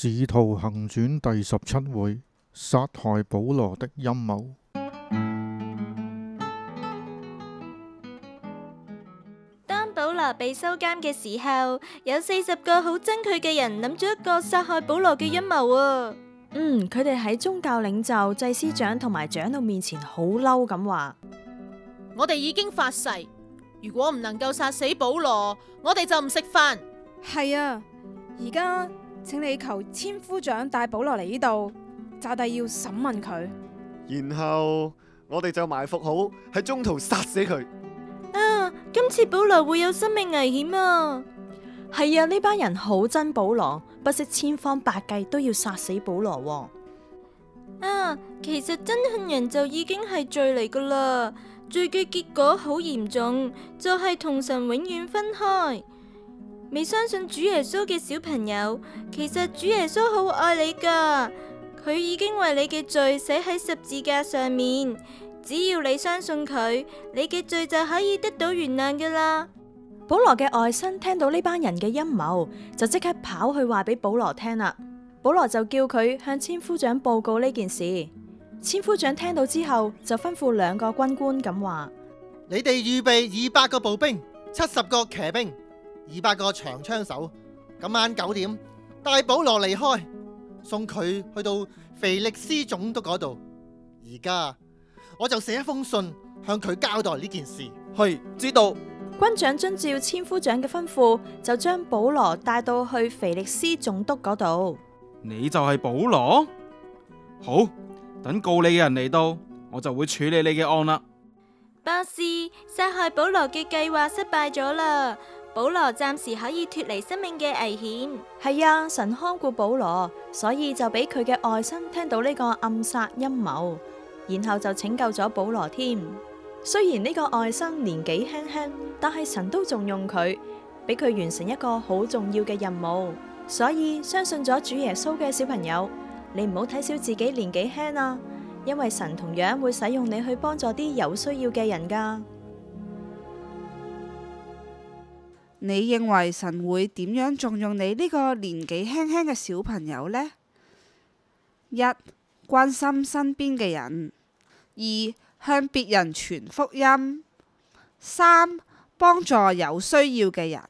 使徒行傳第十七回殺害保羅的陰謀。當保羅被收監嘅時候，有四十個好憎佢嘅人諗咗一個殺害保羅嘅陰謀啊！嗯，佢哋喺宗教領袖、祭司長同埋長老面前好嬲咁話：我哋已經發誓，如果唔能夠殺死保羅，我哋就唔食飯。係啊，而家。請你求千夫長帶保羅嚟呢度，炸帝要審問佢。然後我哋就埋伏好喺中途殺死佢。啊！今次保羅會有生命危險啊！係啊，呢班人好憎保羅，不惜千方百計都要殺死保羅啊。啊！其實憎恨人就已經係罪嚟噶啦，罪嘅結果好嚴重，就係同神永遠分開。未相信主耶穌嘅小朋友，其實主耶穌好愛你噶，佢已經為你嘅罪死喺十字架上面，只要你相信佢，你嘅罪就可以得到原諒噶啦。保羅嘅外甥聽到呢班人嘅陰謀，就即刻跑去話俾保羅聽啦。保羅就叫佢向千夫長報告呢件事。千夫長聽到之後，就吩咐兩個軍官咁話，你哋預備二百個步兵，七十個騎兵。二百個長槍手，今晚九點，帶保羅離開，送佢去到腓力斯總督嗰度。而家我就寫一封信向佢交代呢件事。係，知道。軍長遵照千夫長嘅吩咐，就將保羅帶到去腓力斯總督嗰度。你就係保羅，好等告你嘅人嚟到，我就會處理你嘅案啦。巴士，殺害保羅嘅計劃失敗咗啦。保羅暫時可以脫離生命嘅危險。係啊，神看顧保羅，所以就俾佢嘅外甥聽到呢個暗殺陰謀，然後就拯救咗保羅添。雖然呢個外甥年紀輕輕，但係神都重用佢，俾佢完成一個好重要嘅任務。所以相信咗主耶穌嘅小朋友，你唔好睇小自己年紀輕啊，因為神同樣會使用你去幫助啲有需要嘅人㗎。你認為神會點樣重用你呢個年紀輕輕嘅小朋友呢？一、關心身邊嘅人，二、向別人傳福音，三、幫助有需要嘅人。